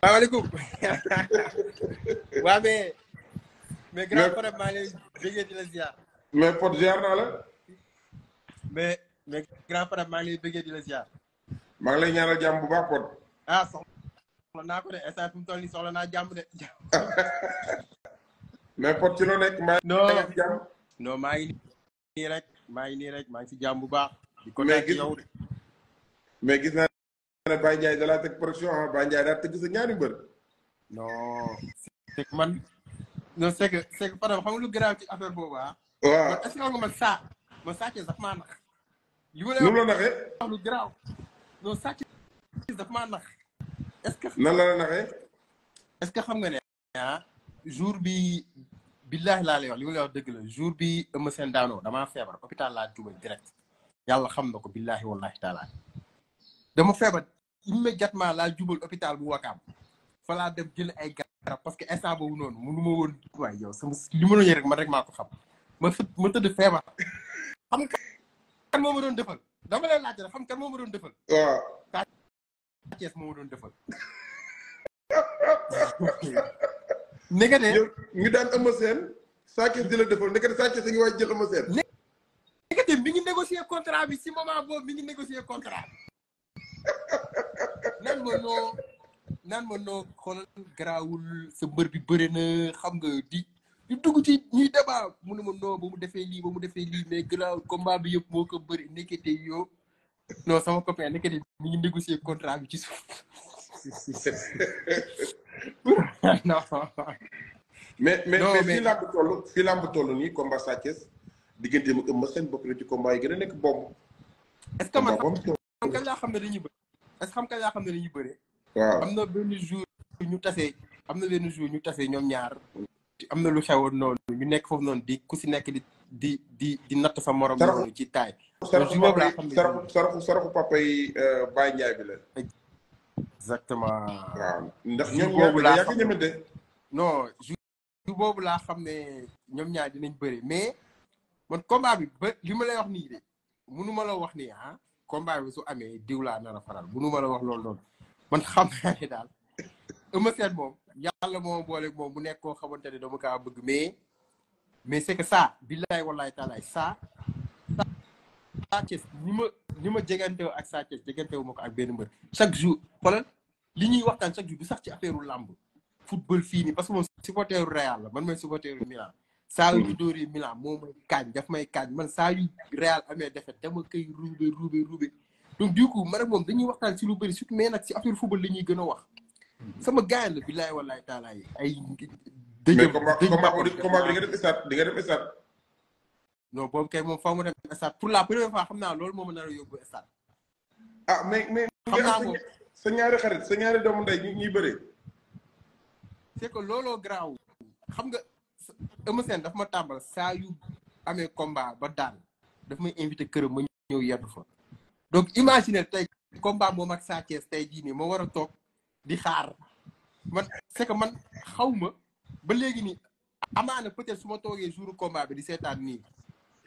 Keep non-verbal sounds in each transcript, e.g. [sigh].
salaamaaleykum waa mais. mais grand frère maa ngi lay bëggee di la ziar. mais Pod ziar grand ñaanal bu baax ah soxla naa ko de instant fi mu toll nii soxla naa de. [laughs] mais Pod ci loo nekk non ngi rek ngi rek si bu baax. di ko yow gis ne Baye Ndiaye da laa teg pression ah Baye Ndiaye daal teg sa ñaari mbër. non c'est man non c'est que xam nga lu garaaw ci affaire boobu ah. waaw est-ce que man saa ce que xam nga ne ah, jour bi billahi laa yo wax li ma lay wax jour bi Eumeu Sène daanoo damaa feebar hôpital laa jubal direct yàlla xam na ko billahi wallahi taala. dama feebar immédiatement laa jubal hôpital bu wakaam fa laa def jël ay garab parce que instant boobu noonu mënu ma woon waaye yow sama li ma doon rek ma rek maa ko xam ma fët ma tëdd feebar xam kan moom ma doon defal dama leen laajte xam kan moo ma doon defal waaw Sa moo ma doon defal [laughs] nekkate ngi daan ëmb seen Sa Thiès di la defal nekkate Sa Thiès a ngi waaj jël ëmb seen nekkate mi ngi négocier contrat bi si moment boobu mi ngi négocier contrat nan ma noo nan ma noo xol garaawul sa mbër bi bëri na xam nga di di dugg ci ñuy débat mu ne ma noo ba mu defee lii ba mu defee lii mais garaawul combat bi yëpp moo ko bëri nekkete yoo non sama copain nekkete mi ngi négocier bi ci suuf [laughs] non mais mais mais fii làmb toll fii làmb toll nii combat Sa Thiès diggante ma ëmb seen bopp na ci combat yi gën a nekk bomb. est-ce que man xam kañ laa xam ne dañuy bëri parce que xam kañ laa xam ne dañuy bëri. am na benn jour ñu tase am na benn jour ñu tase ñoom ñaar. am na lu xewoon noonu ñu nekk foofu noonu di ku si nekk di di di di natt sa morom. ci taay. saraxu saraxu saraxu papa yi euh, Baye Ndiaye bi la. exactement. waaw ndax ñoom boobu la yàgg boobu laa xam ne ñoom ñaar dinañ bëri mais man combat bi ba ma lay wax nii de mënu ma la wax nii ah. combat bi su amee diw laa nar a faral bu nu ma la wax loolu noonu man xam naa daal Eumeu Sène moom la moo boole moom mu nekk koo xamante ne dama ka bëgg mais mais c'est que ça billaay wallaay taalaay ça saa Thiès ñi ma ñi ma jegantew ak Sa Thiès jegantewu ma ko ak benn mbër chaque jour xoolal li ñuy waxtaan chaque jour du sax ci affaireu làmb football fii nii parce que moom supporteru Real la man mooy supporteru Milan saa yu mhm. dóor yi Milan may kaañ daf may kaañ man saa yu Real amee defet dama koy ruube ruube ruube donc du coup man moom dañuy waxtaan si lu bëri surtout mais nag si affaire football la ñuy gën a wax mhm. sama gaañ la billaay wallaay taala yi ay dëjëm combat bi di nga def stade di nga def stade kay moom faaw mu dem stade pour la première fois xam naa loolu moo ma nar a yóbbu stade ah mais mais xam naa sa ñaari xarit sa ñaari doomu ndey ñuy bëree c'est que looloo garaaw xam Eumeu Sène dafa ma tàmbal saa yu amee combat ba daan daf may invité këram ma ñëw yeddu fa donc imaginer tey combat moom ak Sa Thiès tey jii nii ma war a toog di xaar man c'est que man xaw ma ba léegi nii amaana peut-être su ma toogee jour combat bi di seetaan nii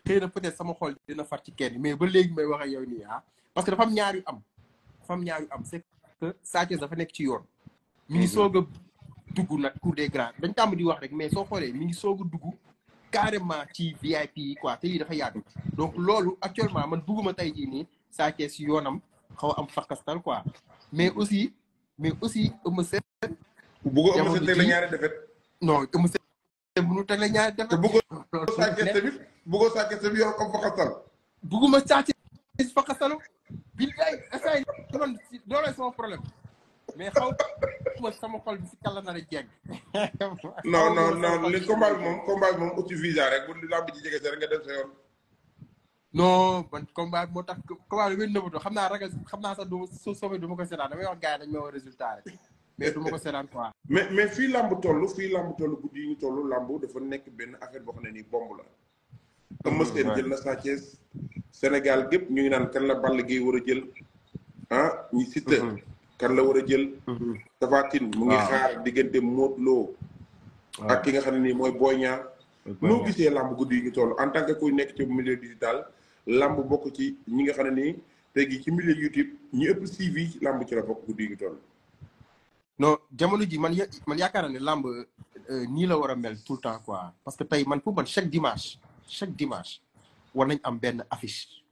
xëy na peut-être sama xool dina far ci kenn mais ba léegi may wax ak yow nii ah parce que dafa am ñaar yu am dafa am ñaar yu am c'est que Sa dafa nekk ci yoon mi dugg nag cour de grands dañ tàmm di wax rek mais soo xoolee mu ngi soog a dugg carrément ci VIP yi quoi te lii dafa yàgg donc loolu actuellement man bugguma tey jii nii Sa Thiès yoonam xaw a am fakastal quoi mais aussi mais aussi Eumeu Sène. bëggoon Eumeu Sène teg la ñaari defet. non Eumeu Sène mënu teg la ñaari defet. te bëggoon Sa Thiès tamit bëggoon Sa Thiès tamit yow am fakastal. bugguma Sa Thiès fakastal. billaay instant yii problème. mais xaw ma sama xol bi si kàlla na la jégg. [laughs] non non non li combat bi moom combat moom uti visa rek bu làmb ji jege sa rek nga dem sa yoon. non man combat moo tax xam naa ragal xam naa sax du soo soobee du ma ko seetaan damay wax gars yi dañ ma mais du mais mais fii làmb toll fii làmb toll guddi yi ñu toll làmb dafa nekk benn affaire boo xam ne nii bomb la. Eumeu Sène jël na Sa Thiès Sénégal gépp ñu ngi naan kan la Balla Gaye war a jël ah ñu Siteu. Mhm. kan la war a jël. Mhm. Tapha Tine mu ngi ah. xaar diggante Modou Lo. Ah. ak ki nga xam ne ni mooy Boy Niang. noo gisee làmb guddi yi ngi toll en tant que kuy nekk ci milieu digital làmb bokk ci ñi nga xam ne ni tey jii ci milieu YouTube ñu ëpp suivi ci làmb ci la bokk guddi yi ñu toll. non jamono ji man man yaakaar naa ne làmb euh, nii la war a mel tour le temps quoi parce que tey man pour man chaque dimanche chaque dimanche war nañ am benn affiche.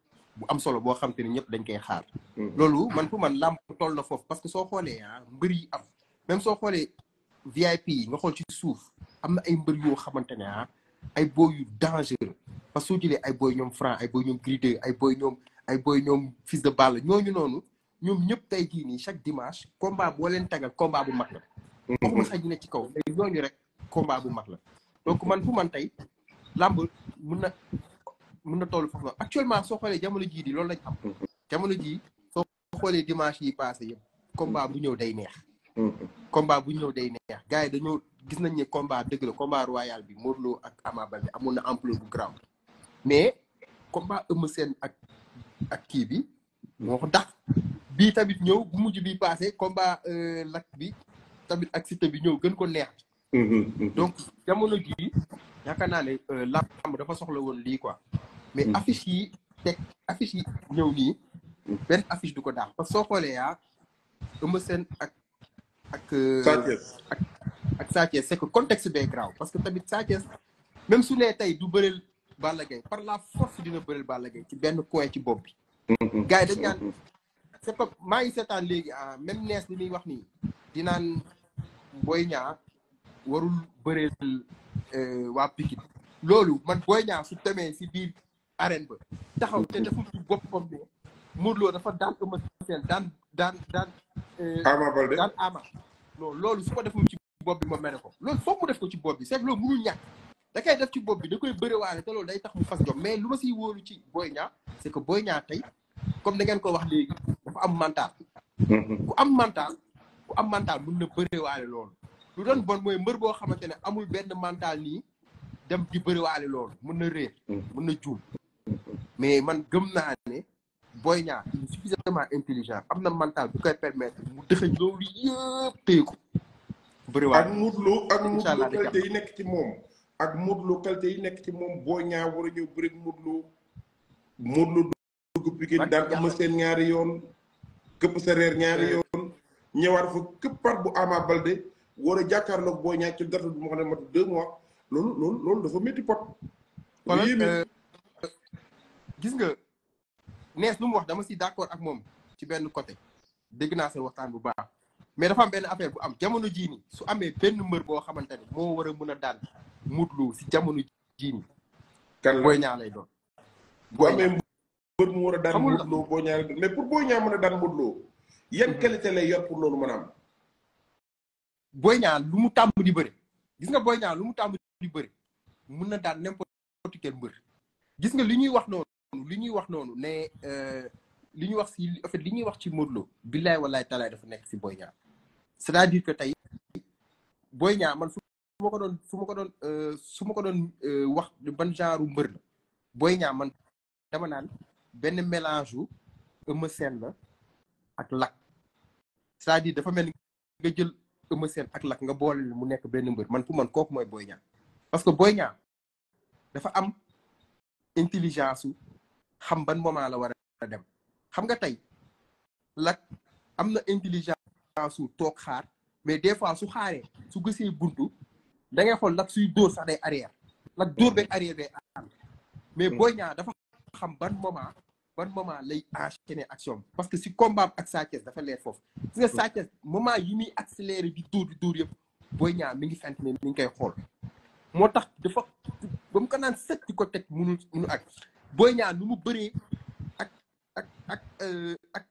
bu am solo boo xam te ni ñëpp dañ koy xaar. Hmm. loolu man pour man làmb toll na foofu parce que soo xoolee ah mbër am même soo xoolee VIP yi nga xool ci suuf am na ay mbër yoo xamante ne ah ay boy yu dangereux parce que soo jëlee ay booy ñoom franc ay boy ñoom gridé ay boy ñoom ay boy ñoom fils de balle ñooñu noonu ñoom ñëpp tey jii nii chaque dimanche combat boo leen tagal combat bu mag la. waxuma hmm. sax ñu ne ci kaw mais ñooñu rek combat bu mag la donc man pour man tey làmb mun na mun na toll foofu actuellement soo xoolee jamono jii di loolu lañ am mm-hmm. jamono jii soo xoolee dimanche yi passé yëpp combat bu ñëw day neex mm-hmm. combat bu ñëw day neex gars yi dañoo gis nañ ne combat dëgg la combat royal bi Modou Lo ak Ama Baldé amoon na ampleur bu grand mais combat Eumeu Sène ak ak kii bi moo ko bi bii tamit ñëw bu mujj bi passé combat euh, lakk bi tamit ak Siteu bi ñëw gën ko neex Mhm, mhm. donc jamono jii yaakaar naa eh, ne làmb dafa soxla woon lii quoi. mais mhm. affiche yi teg affiche yi ñëw nii. benn affiche du ko daax parce que soo xoolee yaa ah, Eumeu Sène ak ak. Euh, ak ak Sa Thiès que contexte bee grave parce que tamit Sa Thiès même su nee tey du bëreel Balla Gaye par la force dina bëreel Balla Gaye ci benn coin ci bopp bi. gars yi dañ naan c'est que maa ngi seetaan léegi ah même nees li muy wax nii dinaan Boy Niang warul bëreel euh, waa Pikine loolu man Boy Niang su demee si biir arène ba taxaw te deful ci boppam ne Modou dafa daan Eumeu Sène daan daan daan euh, Ama Baldé daan Ama non loolu su ko ci bopp bi ma ko loolu foog mu def ko ci bopp bi c'est que loolu mënul ñàkk da koy def ci bopp bi da koy waale te loolu day tax mu fas jom mais lu ma siy woolu ci booy Niang c'est que Boy Niang tey comme da ngeen ko wax léegi dafa am mental mm-hmm. ku am mental ku am mental mën na bëriwaale loolu lu doon bon mooy mbër boo xamante ne amul benn mental nii dem di bëriwaale lool mën na réer mun na juum mais man gëm naa ne Boy Niang il est intelligent am na mental bu koy permettre mu dëxëñ loolu yëpp téye ko bëriwaale nekk ci moom ak Modou Lo yi nekk ci moom Boy Niang war a ñëw bëri Modou Lo Modou seen ñaari yoon këpp sa reer ñaari yoon ñëwaat fa këppaat bu Ama Baldé war a jàkkaarloog boo ñaaj ci gàttal bu ma xam ne matu deux mois loolu loolu loolu dafa métti pot. Euh, gis nga nees lu mu wax dama si d'accord ak moom ci benn côté dégg naa seen waxtaan bu baax mais dafa am benn affaire am jamono jii su amee benn mbër boo xamante ne moo war mën a daan mutlu si jamono jii nii. kan booy ñaa lay doon. boo amee mbër mu war a daan mutlu boo ñaa lay doon mais pour boo ñaa mën a daan mutlu yan mm-hmm. qualité lay yor pour loolu mën a am. Boy Niang lu mu tàmb di bëri gis nga Boy ñaan lu mu tàmb di bëri mun na daan n'importe quel mbër gis nga li ñuy wax noonu li ñuy wax noonu ne euh, li ñuy wax si en li ñuy wax ci Modou Lo billaay wallaay talaay dafa nekk si Boy Niang c'est-à-dire que tey Boy Niang man su ko doon su ma ko doon euh, su ko doon euh, wax ban genre mbër la Boy Niang man dama naan benn mélange wu Eumeu Sène la ak Lac cest dafa mel nga Eumeu Sène ak Lac nga boole mu nekk benn mbër man pour man kooku mooy Boy Niang parce que Boy Niang dafa am intelligence su xam ban moment la war a dem xam nga tey Lac am na intelligence su toog xaar mais des fois su xaaree su gisee buntu da ngay xool Lac suy dóor sax day arrière Lac dóor beeg arrière day ànd mais mm. Boy Niang dafa xam ban moment ban moment lay enchaîner action parce que si combat ak Sa Thiès dafa leer foofu si nga Sa Thiès moment yi muy accéléré yëpp booy Niang mi ngi fent ne mi ngi koy xool moo tax dafa ba mu ko naan set ko teg munul munu ak booy Niang nu mu bëree ak ak ak euh, ak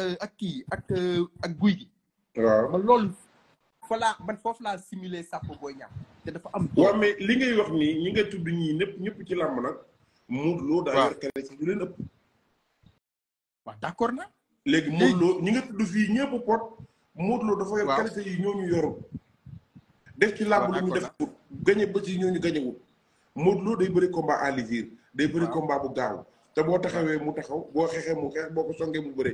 euh, ak kii ak euh, ak guy gi waaw man loolu laa man foofu laa simuler sàpp Boy te dafa am waaw mais li ngay wax nii ñi nga tudd ñii ñëpp ñëpp ci làmb nag Modou Lo daa yor keneen ci ñu leen waaw d'accord na. léegi Modou Lo ñi nga tudd fii ñëpp pot. Modou Lo dafa yor qualité yi ñooñu yoru def ci làmb lu ñu def pour gañe bés yi ñooñu gañewul Modou Lo day bëri komba à l'usure day bëri komba bu gaaw te boo taxawee mu taxaw boo xeexee mu xeex boo ko songee mu bëre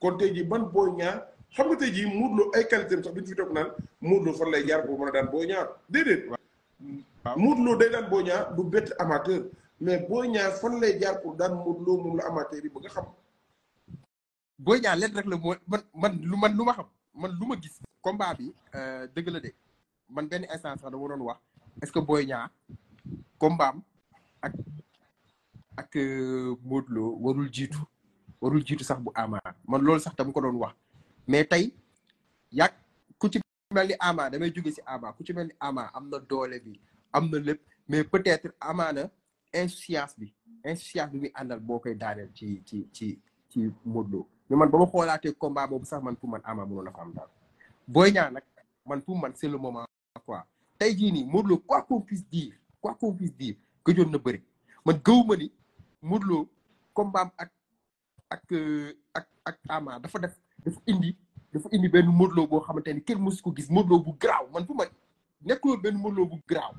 kon tey jii ban Boy Niang xam nga tey jii Modou ay qualité bi sax duñu fi toog naan Modou Lo fan lay jaar pour mën a daan Boy Niang déedéet Modou Lo day daan Boy du bett amateur mais Boy Niang fan lay jaar pour daan Modou Lo moom la amateur yi ba nga xam Boy Niang leen rek la moo man lu man lu ma xam man lu ma gis combat bi euh, dëgg la de man benn instant sax dama doon wax est-ce que Boy Niang combaam ak ak euh, Modou Lo warul jiitu warul jiitu sax bu Ama man loolu sax dama ko doon wax mais tey yàgg ku ci mel ni Ama damay juge si Ama ku ci mel ni Ama am na doole bi am na lépp mais peut-être Ama na insouciance bi insouciance bi muy àndal boo koy daaneel ci ci ci ci Modou mais man ba ma xoolaatee combat boobu sax man pour man Ama mënoon na fa am daal Boy Niang nag man pour man c'est le moment quoi tey jii nii Modou Lo quoi qu'on puisse dire quoi qu'on puisse dire gëjoon na bëri man gëwuma ni Modou Lo ak ak euh, ak ak dafa def dafa indi dafa indi benn Modou Lo boo xamante ni kenn mosu ko gis Modou Lo bu garaaw man pour man nekkuloo benn Modou Lo bu garaaw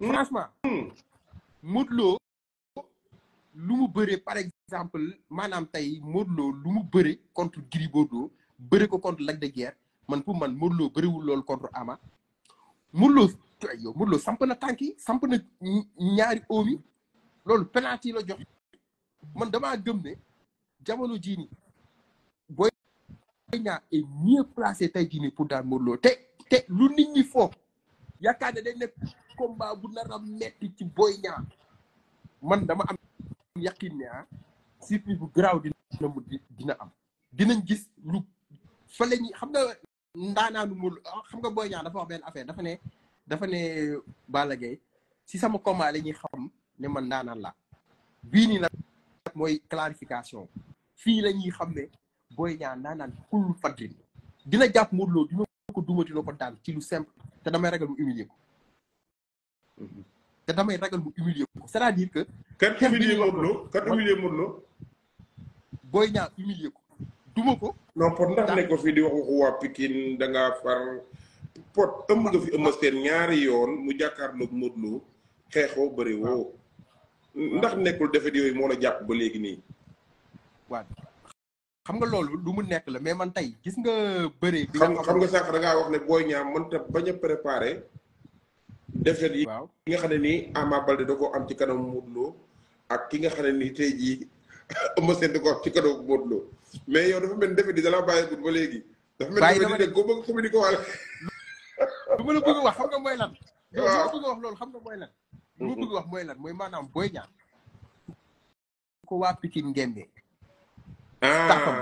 franchement hmm. Modou Lo lu mu bëree par exemple maanaam tey Modou Lo lu mu bëre contre Gris Bordeaux ko contre Lac de Guiers man pour man Modou Lo lool loolu contre Ama Modou Lo yow Modou Lo samp na tànk samp na ñaari oom yi loolu penalty la jox man damaa gëm ne jamono jii nii booy ñaar est mieux placé tey jii nii pour daal Modou te te lu nit ñi foofu yaakaar ne day nekk combat bu nar a ci booy ñaa man dama am yaqin ne ah, surprise bu garaaw dina mu dina am dinañ gis ñu fa la ñuy xam nga ndaanaanu ah, xam nga Boy Niang dafa wax dafa ne dafa ne Balla Gaye si sama combat la ñuy xam ne man ndaanaan la bii nii nag mooy clarification fii la ñuy xam ne Boy Niang ndaanaan kul fadrin dina jàpp Modou dina ko duma dina ko daan ci lu simple te damay ragal mu humilier ko mhm. te damay ragal mu humilier ko cest à humilier Modou Boy Niang humilier ko duma ko non pour ndax ne ko fi di waxu wa pikin da nga far pot eum nga fi ëmb seen ñaari yoon mu jàkkaarloog Modou Lo xeexoo bëri woo ndax nekul defet yoy mo la japp ba léegi ni wa xam nga lolou du mu nek la mais man tay gis nga beure bi nga xam nga sax da nga wax ne booy ñaam mënta bañ a préparé defet yi nga xam ni amabal de Balde ko am ci kanam Modou ak ki nga xam ni tay ji [laughs] Eumeu Sène di ko wax ci kadoog mais yow dafa mel ni defe di dala bàyyi gudd ba léegi dafa mel ni dégg ko bëgg communiqué wàll lu [laughs] ma la bëgg wax xam nga mooy lan lu [laughs] ma wax loolu mooy lan ma mm-hmm. bëgg wax mooy lan mooy maanaam Boy Niang ko waa Pikine ngémbe ah. staffam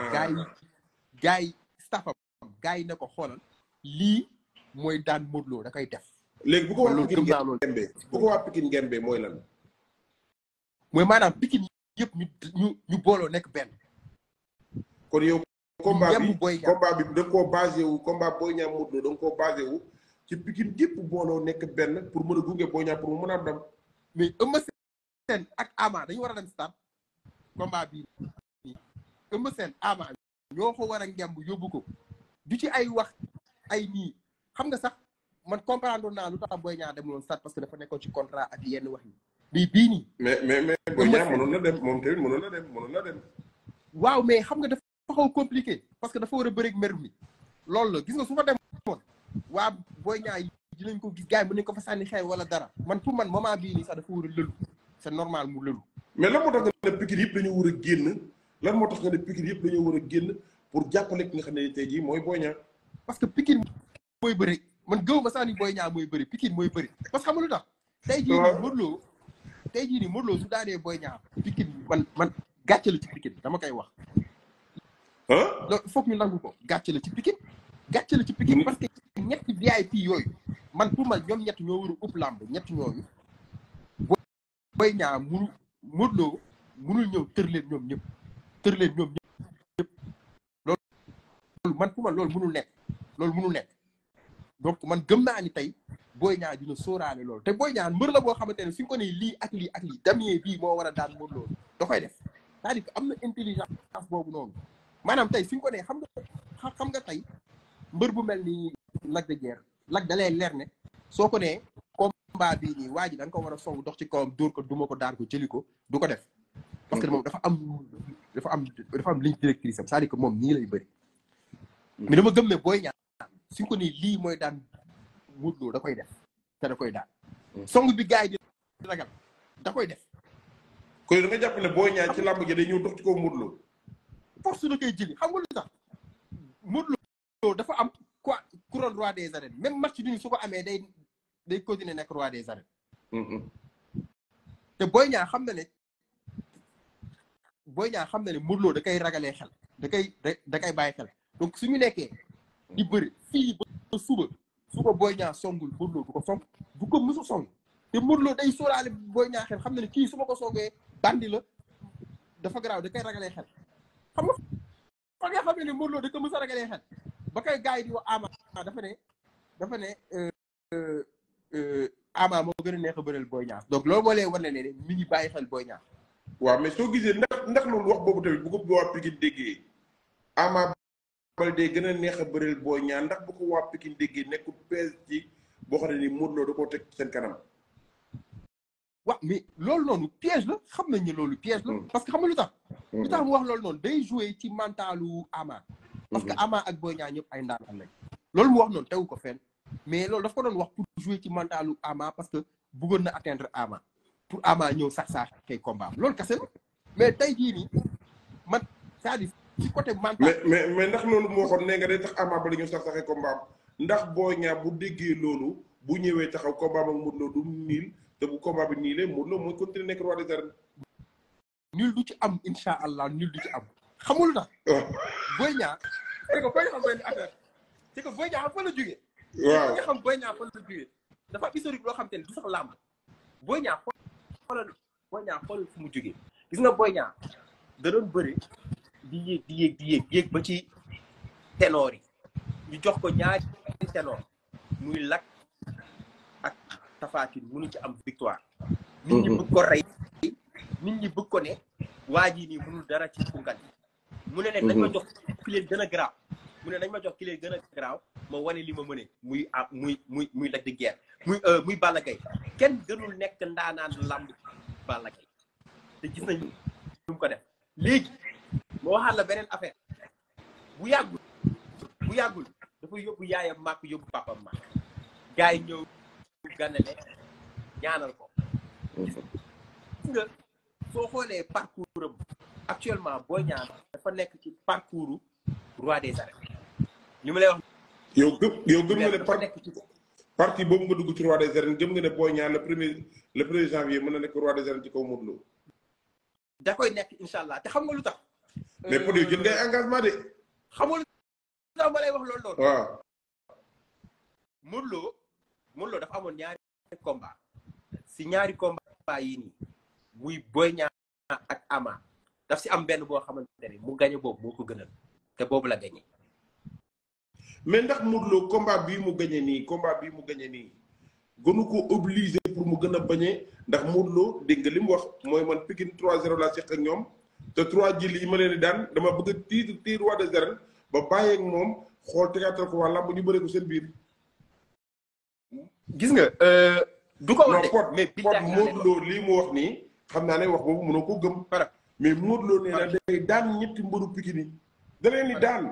gaay gaay mooy daan Modou Lo da ko waa Pikine ngémbe bu ko waa Pikine ngémbe mooy lan mooy maanaam yëpp ñu ñu ñu booloo nekk benn. kon yow. combat bi combat bi da nga koo basé wu combat Boy Niang Modou Lô da nga koo wu ci Pikine yëpp booloo nekk benn pour mën a gunge Boy Niang pour mu mën a dem. mais Eumeu Sène ak Ama dañu war a dem stade combat bi Eumeu seen Ama ñoo ko war a ngemb yóbbu ko du ci ay wax ay nii xam nga sax man comprendre naa lu tax Boy Niang demuloon stade parce que dafa nekkoon ci contrat ak yenn wax yi. bii bii nii. mais mais mais Boy Niang mënoon na dem moom tamit mënoon na dem mënoon na dem. waaw mais xam nga dafa xaw compliqué parce que dafa war a bëri ak mer mi loolu la gis nga su fa demoon waa Boy Niang yi dinañ ko gis gars yi mën nañ ko fa sànni xeer wala dara man pour man moment bii nii sax dafa war a lëlu c'est normal mu lëlu. mais lan moo tax nga ne Pikine yëpp dañoo war a génn lan moo tax nga ne Pikine yëpp dañoo war a génn pour jàppale ki nga xam ne tey jii mooy Boy Niang. parce que Pikine mooy bëri man gëw ma sax ni Boy Niang mooy bëri Pikine mooy bëri parce que xam nga lu tax. tey jii nii Modou Lo tey jii nii Modou Lo su daanee Boy Niang Pikine man man gàcce ci Pikine dama koy wax. loolu foog ñu nangu ko gàcce ci Pikine gàcce ci Pikine parce que ñett ñetti VIP yooyu man pour man ñoom ñett ñoo war a ëpp làmb ñett ñooyu Boy Niang munu Modou ñëw tër leen ñoom ñëpp tër leen ñoom ñëpp man pour loolu munul nekk loolu munul nekk donc man gëm naa ni tey Boy Niang dina sóoraale loolu te Boy Niang mbër la boo xamante ne fi ko nii lii ak lii ak lii Damien bii moo war a daan mën loolu da def cest am na intelligence boobu noonu maanaam tey fi ko ne xam nga xam nga tey mbër bu mel ni Lac de Guiers Lac da leer ne soo ko nee combat bii nii waa ji da nga war a song dox ci kawam dóor ko duma ko daan ko jëli ko du ko def parce moom dafa am dafa am dafa am ligne directrice am cest à moom nii lay bëri mais dama gëm ne Boy Niang suñ ko lii mooy daan Modou da koy def te da koy daal hmm. song bi gars yi di ragal da koy def. kon na nga jàpp ne Boy Niang ci làmb ji day ñëw dox ci ko Modou Lo. force la koy jëli xam nga lu tax Modou dafa am quoi couronne roi des arènes même match bi su ko amee day day continuer nekk roi des arènes. Hmm, hmm. te Boy Niang xam na ne Boy Niang xam na ne Modou da koy ragalee xel da koy da koy bàyyi xel donc suñu nekkee. di bëri fii ba suba suba booy ñaa songul Modou Lo du ko song du ko mësu song te Modou Lo day sóoraale booy ñaa xel xam na ne kii su ma ko songee bandi la dafa garaaw koy ragalee xel xam nga fa nga xam ne Modou Lo da ko mës a ragalee ba kay gars yi di wax Ama dafa ne dafa ne euh, euh, Ama moo gën a neex a bëreel booy ñaa donc loolu moo lay mi ngi bàyyi xel booy ñaa waaw mais soo gisee ndax ndax loolu wax boobu tamit bu ko waa Pikine déggee Ama Baldé gën a neex a bëreel Boy ndax bu ko waa Pikine déggee nekkul pees boo xam ne ni Modou Lo da koo teg seen kanam. waaw mais loolu noonu piège la xam nañ ne loolu piège la. parce que xam nga lu tax. Hmm. lu mu wax loolu noonu dey joué ci mentalu Ama. parce que hmm. Ama ak Boy Niang ñëpp ay ndaanaan lañ. loolu mu wax noonu tew ko fenn mais loolu daf ko doon wax pour jouer ci mentalu Ama parce que bëggoon na atteindre Ama pour Ama ñëw sax sax kay combat loolu kese mais tey jii ci côté mental. mais mais ndax loolu moo waxoon nee nga day tax Ama Baldé ñu sax saxee combat ndax Boy Niang bu déggee loolu bu ñëwee taxaw combat ak Modou Lo du niil bu combat bi niilee Modou Lo mooy continuer nekk roi des arènes. ci am incha allah niil du ci am xamul na. Boy Niang. c'est que Boy Niang xam benn waaw nga xam Boy Niang fan xam te ne du sax làmb Boy Niang xoolal Boy Niang mu jógee gis nga Boy Niang da doon bëri. di yéeg di yéeg di yéeg ba ci ténor yi ñu jox ko ñaari ténor muy Lac ak Tapha Tine mënu ci am victoire nit ñi mhm. bëgg ko rey nit ñi bëgg ko ne waa jii nii mënul dara ci kunkan mu ne leen nañ ma mhm. jox gën a mu ne nañ ma jox ki leen gën a garaaw ma wane li mëne muy ah muy muy muy Lac de muy euh, muy Balla Gaye kenn gënul nekk ndaanaan lamb Balla Gaye te gis nañ ko def léegi moo waxaat la beneen affaire bu yàggul bu yàggul dafa yóbbu yaayam màkk yóbbu papam màkk gars yi ñëw gànnale ñaanal ko gis nga soo xoolee parcours am actuellement boo ñaan dafa nekk ci parcours roi des arènes li ma lay wax yow gëm yow gëm nga ne par parti boobu nga dugg ci roi des arènes gëm nga ne boo ñaan le premier le premier janvier mën na nekk roi des arènes ci kaw Modou Lo da koy nekk incha allah te xam nga lu tax mais produit jël ngay engagement de. xamul nga ma lay wax loolu noonu. waaw. dafa amoon ñaari combat si ñaari combat yi nii muy Boy Niang ak Ama daf si am benn boo xamante ne mu gañe boobu moo ko gënal te boobu la gañe mais ndax Modou Lo combat bii mu gañe nii combat bii mu gañe nii gënu ko obligé pour mu gën a bañee ndax Modou Lo dégg li mu wax mooy man Pikine 3-0 laa seq ak ñoom. te trois ji li ma leen daan dama bëgg a titre titre roi des arènes ba bàyyeeg moom xool tegaatal ko waa làmb ñu bëree ko seen biir. gis nga. Euh, du ko wax de pot pot Modou lii mu wax nii xam naa ne wax boobu mënoo ko gëm. mais Modou Lo nee na day daan ñetti mbëru Pikine yi da leen di daan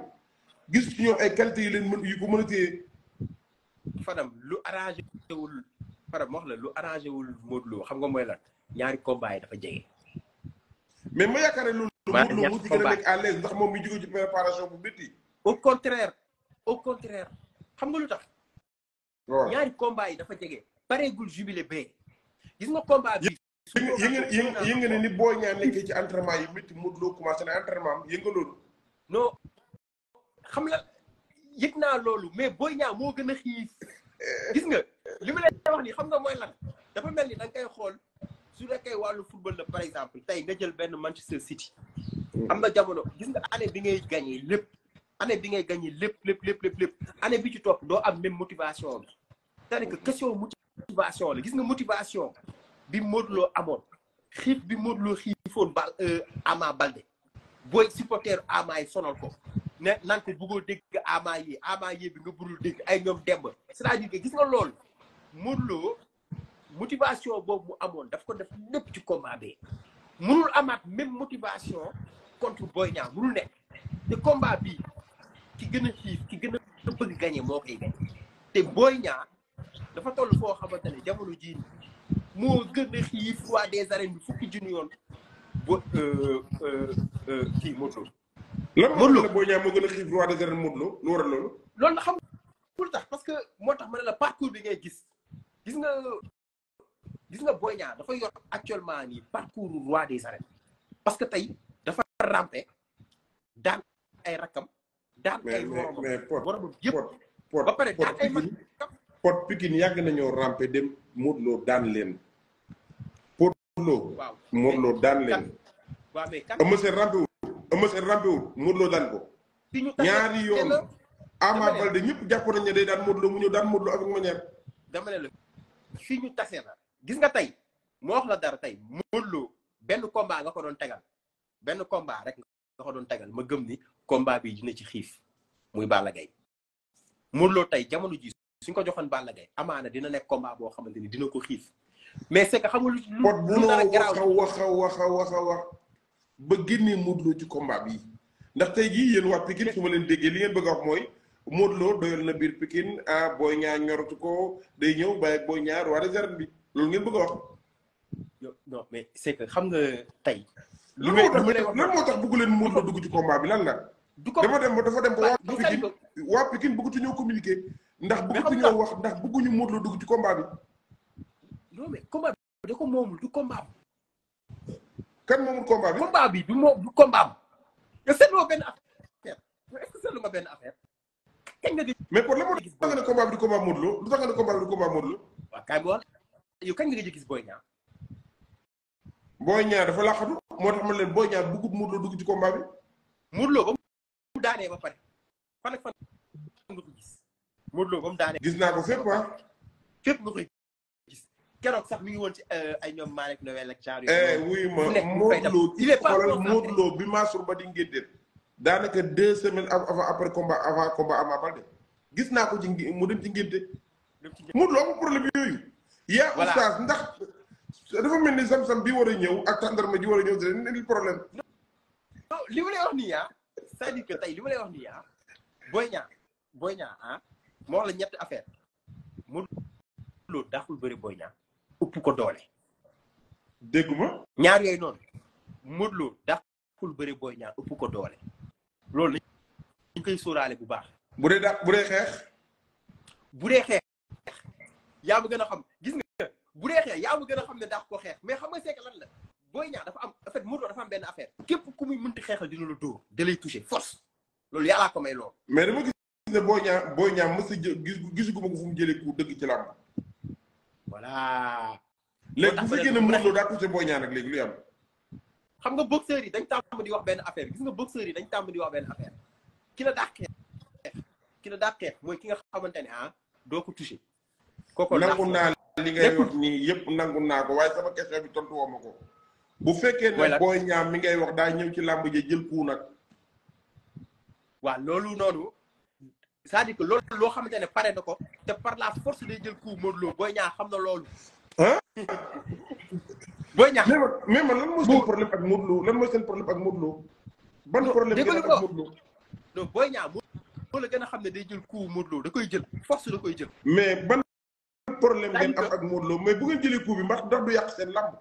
gis ci ay qualité yi leen mën yu ko mën a téye. Fadam lu arrangé wul Fadam wax la lu arrangé wul Modou xam nga mooy lan ñaari combat yi dafa jege. mais ma yaakaar ne loolu. maa ngi ñàkk gën moo nekk à l'aise ndax moom mi jóge ci préparation bu métti. au contraire au contraire xam nga lu tax. ñaari combat yi dafa jege. pareegul jubilé bee. gis nga combat bi. yëngu ne ni booy ñaan nekkee ci entraînement yi métti Modou Lo commencé na entraînement am yëngu loolu. non xam la yëg naa loolu mais booy ñaan moo gën a xiif gis nga li ma lay wax nii xam nga mooy lan dafa mel ni da nga xool. su nekkee wàllu football la par exemple tey nga jël benn Manchester City. Mm. am na jamono gis nga année bi ngay gagné lépp. année bi ngay gagné lépp lépp lépp lépp lépp année bi ci topp doo am même motivation bi. c'est-à-dire que question gis nga motivation bi Modou Lo amoon xiif bi Modou Lo xiifoon bal euh, Ama Balde booy supporter Ama yi sonal ko ne nan ko bëggoo dégg Ama yi Ama yi bi nga burul dégg ay ñoom demb c'est-à-dire gis nga lool Modou motivation bobu amone daf ko def ci combat bi mënul amat même motivation contre Boy Niang combat bi ki xif ki bëgg koy Boy dafa toll fo a des arènes bi fukki bo euh... euh, euh Boy a des arènes lu non lolu tax parce que motax mané la parcours bi ngay gis nga Boy Niang dafa yor actuellement nii parcours roi des arènes parce que tey dafa rampe daan ay rakam daan ay moromam mais mais pot ba pare daan ay mag pot Pikine yàgg nañoo rampe dem Modou Lo daan leen pot Lo Modou Lo daan leen waaw mais kan Eumeu Sène rampewul Eumeu Sène rampewul Modou Lo daan ko ñaari yoon Ama Baldé ñëpp jàpp nañ ne day daan Modou mu ñëw daan Modou Lo dama la fi ñu tase gis nga tey moo wax la dara tey Modou Lo benn combat nga ko doon tegal benn combat rek nga ko doon tegal ma gëm ni combat bi dina ci xiif muy Balla Gaye Modou Lo tey jamono ji suñ ko joxoon Balla Gaye amaana dina nekk combat boo xamante ni dina ko xiif mais c'est que xam nga lu lu dara garaaw wax a wax a wax a wax ba génnee Modou Lo ci combat ndax tey jii yéen waa Pikine su ma leen déggee li ngeen bëgg a mooy Modou Lo doyal na biir Pikine ah Boy Niang ñoratu ko day ñëw bàyyi Boy Niang waa réserve bi loolu ngeen bëgg a wax. non mais c'est que xam nga tey. lu may lu may lan moo tax bëggu leen Modou Lo dugg ci combat bi lan la. du ko dafa dem dafa dem ba waa Pikine waa Pikine bëggu ci ñoo communiquer. ndax bëggu ci ñoo wax ndax bëgguñu Modou Lo dugg ci combat bi. non mais bi da ko moomul du combat bi. du moom du combat am. nga seetloo tax nga ne combat bi du combat Modou Lo lu tax nga ne combat bi du combat Modou Lo. waaw kaay ma wax yow kañ nga gëj gis Boy Niang. Boy Niang dafa laqatu moo tax ma leen Boy Niang bëggut Modou Lo dugg ci combat bi. Modou Lo ba mu gis. naa ko fépp ah. fépp nga koy gis mi ngi woon ci euh, ay ñoom eh, ma Modou Lo il est pas Modou deux semaines avant après combat avant combat Ama Baldé gis naa ko ci mu dem ci ngénte. dem ci ngénte problème yooyu. yaa oustaz ndax dafa mel ni sam-sam bi war a ñëw ak tàndarma ji war a ñëw dina ne li problème. non li ma lay wax nii ah c'est-à-dire que li ma lay wax nii ah booy ñaa booy ñaa ah, moo wax la ñetti affaire mu loolu daxul bëri booy ñaa ëpp ko doole. dégguma ñaar yooyu noonu Modou Lo dàqul bëre Boy Niang ëpp ko doole loolu dañ koy sóoraale bu baax bu dee da bu dee xeex bu dee xeex yaa ma gën a xam gis nga bu dee xeex gën xam ne daax ko xeex mais xam nga seek lan la booy ñaar dafa am en fait Modou am benn affaire képp ku muy mënti xeexal dina la dóor da lay touché force loolu yàllaa ko may mais dama ne booy ñaar booy ñaar mës a gis gisuguma ko fu mu jëlee ku dëgg ci làmb voilà léegi bu fekkee ne Modou Lo daa touché booy ñaar nag léegi lu yam xam nga yi dañ tàmm di wax benn affaire gis nga boxeurs yi dañ tàmm di wax benn affaire ki la daax xeex ki la daax xeex mooy ki nga xamante ne ah doo ko touché kooku nangu naa li nga wax nii yëpp nangu naa ko waaye sama question bi tontu woo ma ko. bu fekkee ne ñaam mi ngay wax daa ñëw ci làmb ji jël ku nag. waaw loolu noonu c'est-à-dire loolu loo xamante ne pare na ko te par la force day jël ku Modou Lo ñaa xam na loolu. ah. booy ñaa mais man mais man lan mooy seen Lo lan seen problème ak Modou Lo. ban problème ñaa a xam ne day jël ku Modou da koy jël force da koy jël. mais ban problème ngeen am ak Modou Lo mais bu ngeen jëlee coup bi ndax ndax du yàq seen lamb.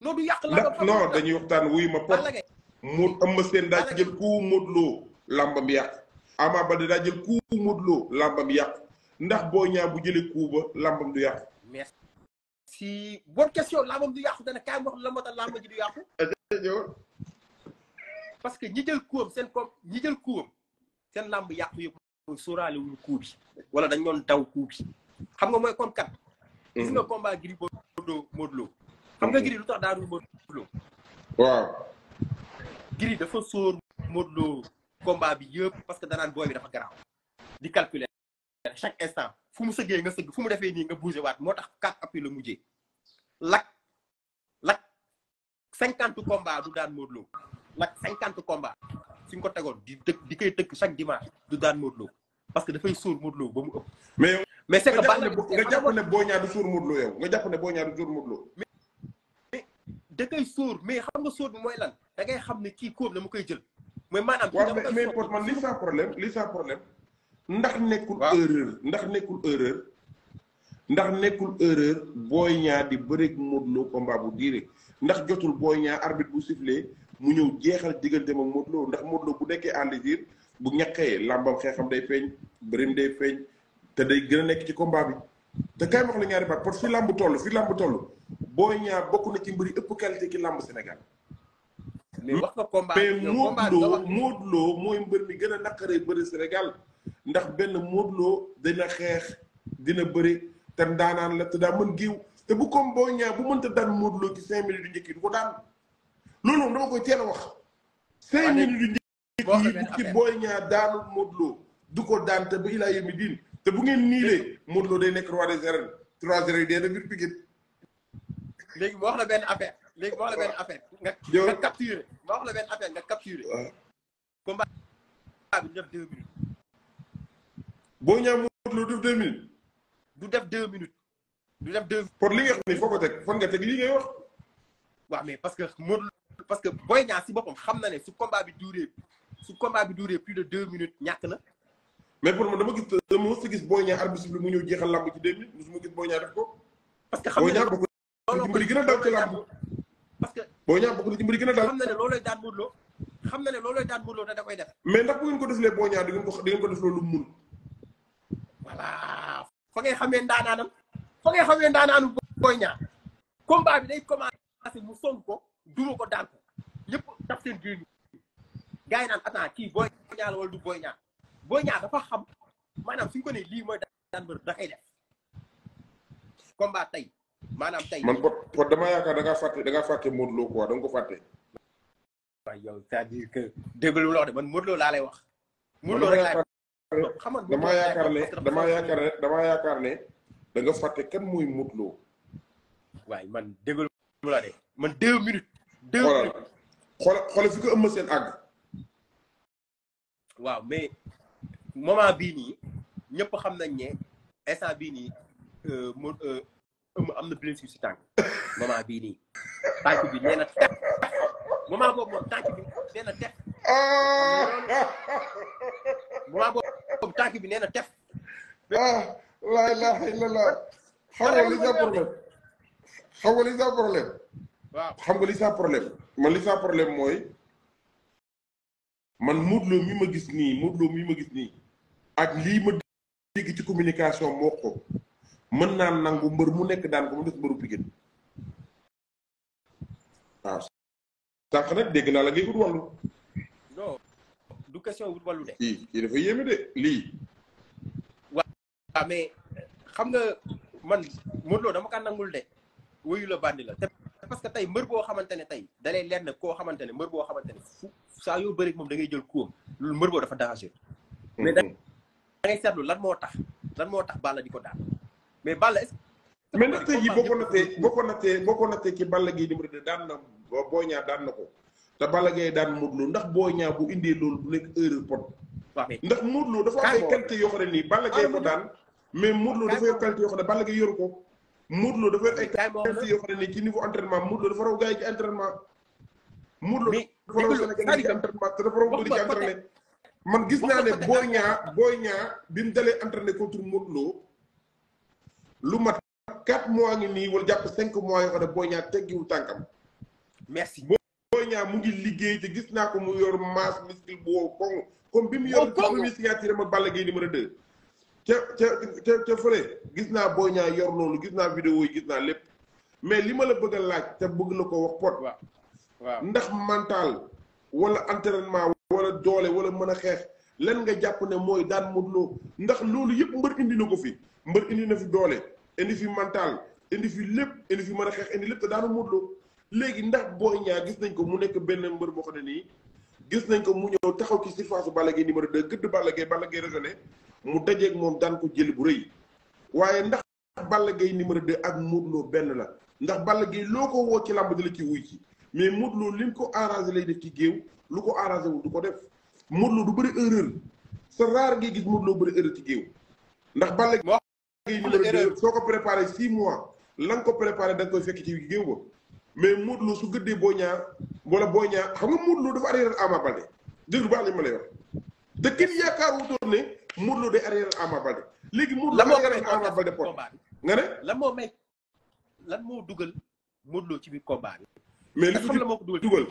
non yàq lamb non dañuy waxtaan wuy ma pot. Modou Eumeu Sène daa jël coup Modou Lo lambam yàq. Ama Baldé daa jël coup Modou Lo lambam yàq ndax Boy Niang bu jëlee coup ba lambam yàq. merci bonne question lambam du yàqu dana kaay ma wax la moo tax lamb ji parce que ñi jël coup seen koom ñi jël coup seen lamb yàqu yëpp. sóoraale wuñu coup bi wala dañ doon daw coup xam nga mooy comme kat. Mhm. gis nga combat Gris Bordeaux Modou Lô. xam nga mhm. Gris lu tax daanul Modou Lô. waaw. dafa sóor Modou Lô combat bi yëpp parce que danaan booy bi dafa garaaw. di calculer chaque instant fu mu sëggee nga sëgg fu mu defee nii nga bougé waat moo tax quatre appuis la mujjee. lak lak cinquante combat du daan Modou Lô. lak cinquante combat fi nga ko tegoon di dëkk di koy tëkk chaque dimanche du daan Modou Lô parce que dafay sóor Modou Lô ba mu ëpp. mais c'est que baax nga jàpp ne Boy Niang du suur Modou Lo nga jàpp ne Boy Niang du suur Modou Lo mais da koy sóor mais xam nga sóor bi mooy lan da xam ne kii la dama koy jël mooy maanaam waaw mais Pod man li sa problème li sa problème ndax nekkul erreur ndax nekkul erreur ndax nekkul erreur Boy Niang di bëreeg Modou Lo bu diire ndax jotul Boy Niang arbitre bu sifflé mu ñëw jeexal diggante moom Modou Lo ndax Modou Lo bu nekkee en bu ñaqee làmbam xeexam day feeñ bërim day feeñ te day gën a nekk ci combat bi te kay wax la ñaari baat parce que fi làmb toll fi làmb toll Boy Niang bokk na ci mbir yi ëpp qualité ki làmb Sénégal. mais wax nga combat mais Modou Lo Modou Lo mooy mbër mi gën a naqaree bëri Sénégal ndax benn Modou Lo dina xeex dina bëri te ndaanaan la te daa mën géew te bu comme Boy Niang bu mënta daan Modou Lo ci cinq minutes yi du ko daan loolu moom dama koy teel a wax. cinq minutes du njëkk yi bu ci Boy Niang daanul te bu ngeen niilee Modou day roi des arènes trois heures yi dee na wax la benn affaire léegi wax la benn affaire. nga nga wax nga combat bi deux minutes. boo ñaaw Modou minutes. du def deux minutes. du def deux. pour li nga xam ne foo ko teg nga wax. mais parce que Modou parce que Boy si xam na ne su combat bi su combat bi plus de deux minutes na. mais pour man dama gis dama mos a gis Boy Niang arbitre bi mu ñëw jeexal làmb ci deux minutes mosuma gis Boy Niang def parce que xam ne a daw ci làmb. parce que a loolooy daan Modou xam ne loolooy daan Modou Lo te da koy def. mais ndax bu ko defalee Boy Niang di ngeen ko di ngeen ko def loolu mun. voilà fa ngay xamee ndaanaanam fa ngay xamee ndaanaanu Boy Niang. combat bi day commencé mu song ko duma ko daan ko ñëpp daf seen génn gars yi naan attends kii Boy Niang la wala du Boy Boy Niang dafa xam maanaam suñ ko lii mooy daan mbër da koy def combat tey maanaam tey. man pot pot damaa yaakaar da ngaa fàtte da ngaa fàtte Modou Lo quoi ko fàtte. waaw yow déglu loo man Modou laa lay wax. Modou Lo rek laay damaa yaakaar ne damaa yaakaar da nga fàtte kan mooy waaye man déglu loo de man deux minutes. deux minutes xoolal xoolal fi ko ëmb seen àgg. waaw mais. moment bii nii ñëpp xam nañ ne instant bii nii euh, mu euh, ëmb am na blessure si tànk moment bii nii tànk bi nee na moom tànk bi nee na teg bi nee na teg. ah la ilaha illallah xam nga li sa problème xam nga li sa problème. waaw man li sa problème mooy man Modou Lo mi ma gis nii Modou Lo mi ma gis nii. ak li ma dégg ci communication moo ko mën naa nangu mbër mu nekk daan ko mu nekk mbëru pigin waaw sànq nag dégg naa la ngay wut wàllu non du question wut wàllu de kii kii dafa yéeme de lii waaw mais xam nga man Modou dama kaa nangul de wéyu la bandi la parce que tey mbër boo xamantene ne tey dalay leer ne koo xamante ne mbër boo xamante ne fu saa yoo bëri moom da ngay jël kuwam loolu mbër boo dafa danger mais mm-hmm. da ngay seetlu lan moo tax lan moo tax Balla di ko daan mais Balla est mais natt yi boo ko nattee boo ko nattee boo ko nattee ci Balla Gaye numéro 2 daan na Boy Niang daan na ko te Balla Gaye daan Modou Lo ndax boo Niang bu indee loolu du nekk erreur pot. ndax Modou Lo dafa am ay qualité yoo xam ne nii Balla Gaye ko daan. mais Modou Lo dafa yoo xam ko. yoo xam ne nii ci niveau entraînement Modou Lo dafa raw gars yi ci entraînement. Modou loo dafa raw Sénégal ci entraînement te dafa man gis naa ne Boy Niang Boy bi mu dalee entraîné contre Modou Lo lu mat quatre mois ngi nii wala jàpp cinq mois yoo xam ne Boy Niang teggiwu tànkam. merci Boy Niang mu ngi liggéey te gis naa ko mu yor masse muscle bi mu yor ma Balla Gaye numéro 2. ca ca ca ca fële gis naa Boy Niang yor loolu gis naa vidéo yi gis naa lépp mais li ma la bëgg laaj te bëgg la ko wax pot. waaw waaw ndax mental wala entraînement. wala doole wala mën a xeex lan nga jàpp ne mooy daan Modou ndax loolu yëpp mbër indi na ko fi mbër indi na fi doole indi fi mental indi fi lépp indi fi mën a xeex indi lépp te daanu Modou léegi ndax Boy Niang gis nañ ko mu nekk benn mbër boo ne nii gis nañ ko mu ñëw taxaw ci surface Balla Gaye numéro 2 gëdd Balla Gaye Balla Gaye raisonné mu dajeeg moom daan ko jël bu rëy waaye ndax Balla Gaye numéro 2 ak Modou benn la ndax Balla Gaye loo ko woo ci làmb di la ci wuy ci mais Modou Lo li mu ko arrangé lay def géew lu ko arrangé wu du ko def Modou du bëri erreur sa rare ngay gis Modou Lo bëri erreur ci géew ndax Balla soo ko préparé six mois la nga ko préparé da nga koy fekk ci géew ba mais Modou su gëddee Boy Niang wala Boy Niang xam nga Modou Lo dafa arrière Ama Baldé déglu baax li ma lay wax te kenn yaakaar wutoon ne Modou de day arrière Ama Baldé léegi Modou Lo arrière Ama Baldé pot nga ne lan moo may lan moo dugal Modou ci biir combat bi mais li xam la moo ko dugal dugal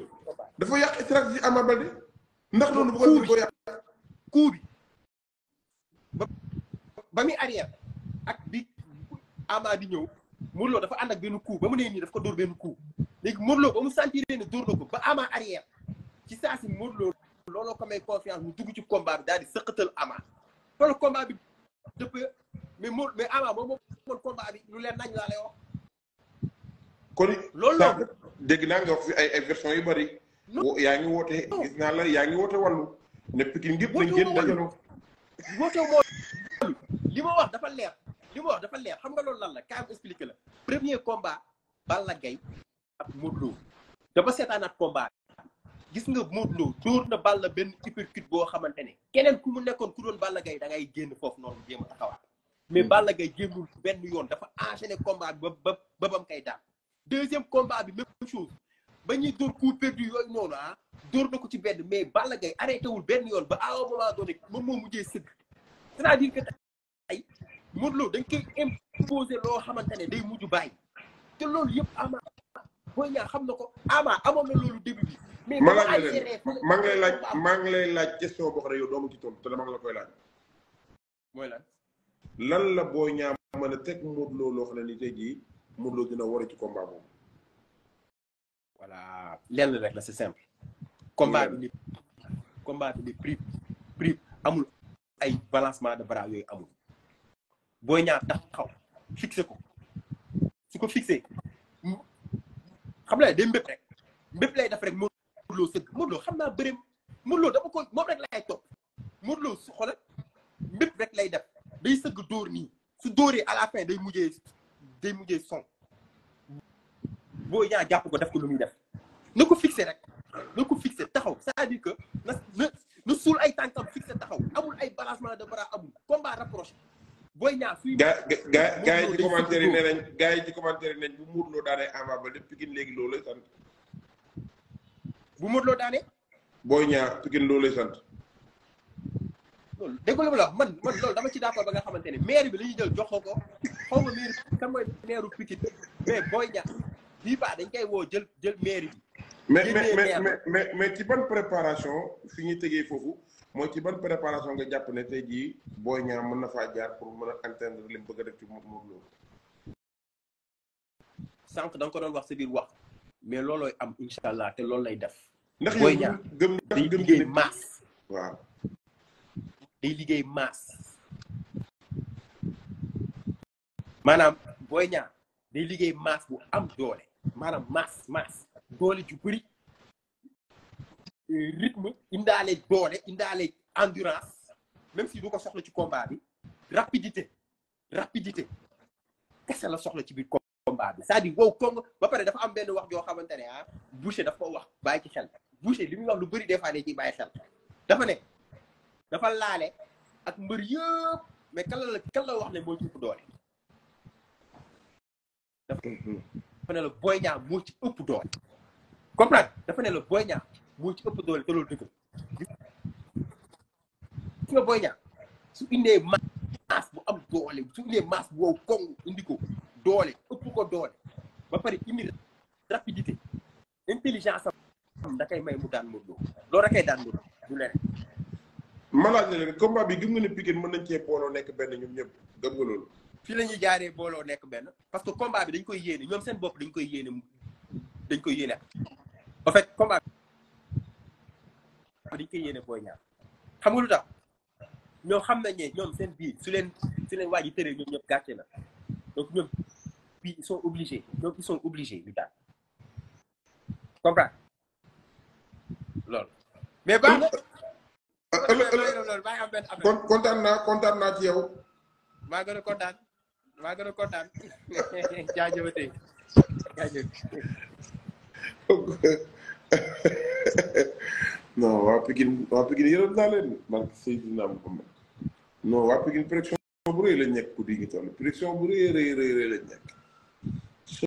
dafa yàq stratégie Ama Baldé ndax noonu bu ndax ko yàq coup bi ba ba muy arrière ak di Ama di ñëw Modou Lo dafa ànd ak benn coup ba mu nee nii daf ko dóor benn coup léegi Modou Lo ba mu sentir ne dóor na ko ba Ama arrière ci saa si Modou Lo looloo ko may confiance mu dugg ci combat bi daal di sëqatal Ama a combat bi dëpp mais Modou mais Ama moom moom combat bi lu leen nañ laa lay wax kon loolu la dégg naa nga wax fi ay ay version yu bëri. yaa ngi woote gis naa la yaa ngi woote wàllu. ne Pikine gépp nañ génn dajaloo. woote woo li ma wax dafa leer li ma wax dafa leer xam nga loolu lan la kaay ma expliqué la. premier combat Balla Gaye ak Modou Lo dafa seetaanaat combat gis nga Modou Lo dóor na Balla benn uppercut boo xamante ne keneen ku mu nekkoon ku doon Balla Gaye da ngay génn foofu noonu jéem a taxawaat mais hmm. Balla Gaye jéemul benn yoon dafa enchaîné combat ba ba ba bam kay daan. deuxième combat bi même chose ba ñuy dóor coup perdu yooyu noonu ah dóor na ko ci benn mais Balla Gaye arrêté wul benn yoon ba à un moment donné moom moo mujjee sëgg c'est-à-dire que tey ne day mujj bàyyi te loolu yëpp Ama Boy xam na ko Ama amoon na loolu début mais maa ngi lay maa ngi lay laaj maa ngi lay laaj question boo xam ne yow doomu ci tontu te dama la koy laaj. mooy lan. lan la Boy Niang mën a teg Modou loo xam ne ni tey jii. Modou Lo dina war a ci combat boobu. voilà lenn rek la c'est simple. combat bi ni ni prix prix amul ay balancement de bras yooyu amul. booy ñaar taxaw fixé ko su ko fixé xam nga day mbépp rek mbépp lay def rek Modou Lo sëgg Modou Lo xam naa bëreem Modou Lo dama ko moom rek lay su xoolal rek lay def day sëgg dóor nii su dóoree à la fin day mujjee. day mujjee son boo yaa jàpp ko def ko lu muy def na ko fixé rek na ko fixé taxaw c'est-à-dire que na na suul ay tànkam fixé taxaw amul ay balancement de bras amul combat rapproché booy ñaar suy. gaa gaa gaa yi ci commentaire yi nee nañ gaa yi ci commentaire yi nañ bu Modou Lo daanee Ama Baldé Pikine léegi loolu lay sant. bu Modou Lo daanee. booy ñaar Pikine loolu lay sant. loolu dégg la wax man man loolu dama ci d'accord ba nga xamante ne maire bi la ñuy jël jox ko xaw ma maire kan mooy maire Pikine mais booy ñaar bii baa dañ koy woo jël jël maire bi. mais mais mais mais ci ban préparation fi ñu tegee foofu mooy ci ban préparation nga jàpp ne tey jii booy ñaar mën na faa jaar pour mën a entendre li mu bëgg a def ci moom moom loolu. sànq da ko doon wax sa wax mais loolooy am incha allah te loolu lay def. ndax yow gëm gëm gëm maas waaw. day liggéey masse vous Boy Niang day Madame masse bu am doole manam masse masse doole ju bëri rythme indaale doole endurance même si du ko soxla ci combat bi rapidité rapidité ça la soxla ci bi combat bi cest à wow kong ba pare dafa am ben wax jo xamantene ne ah, Boucher dafa wax vous ci xel Boucher limi wax lu des fois day ci xel dafa laale ak mbër yëpp mais kan la wax ne moo ci ëpp doole. dafa ne la Boy Niang dafa ne la Boy Niang moo ci ëpp doole te loolu dëgg su nga Boy su indee masse bu am doole su indee masse bu wow koŋ indi ko doole ëpp ko doole ba pare indi rapidité intelligence am da kay may mu daan Modou Lô loolu da daan Modou Lô du leneen Malade, combat bi gëm nga ne de mën nañ cee booloo nekk benn ñoom ñëpp gëm nga la parce que combat bi dañ koy yéene ñoom en fait combat bi dañ yéene booy ñaar xam nga lu tax xam nañ ñoom seen biir su leen su leen waa ji ñoom donc ils sont obligés Donc ils sont obligés mais kon kontaan naa kontaan naa ci yow. maa gën a kontaan maa a kontaan [laughs] jaajëfate jaajëf. [laughs] non waa Pikine waa Pikine yërëm naa leen man Seydina Mohamed non waa Pikine pression bu rëy lañ ku di ngi toll pression bu rëy rëy rëy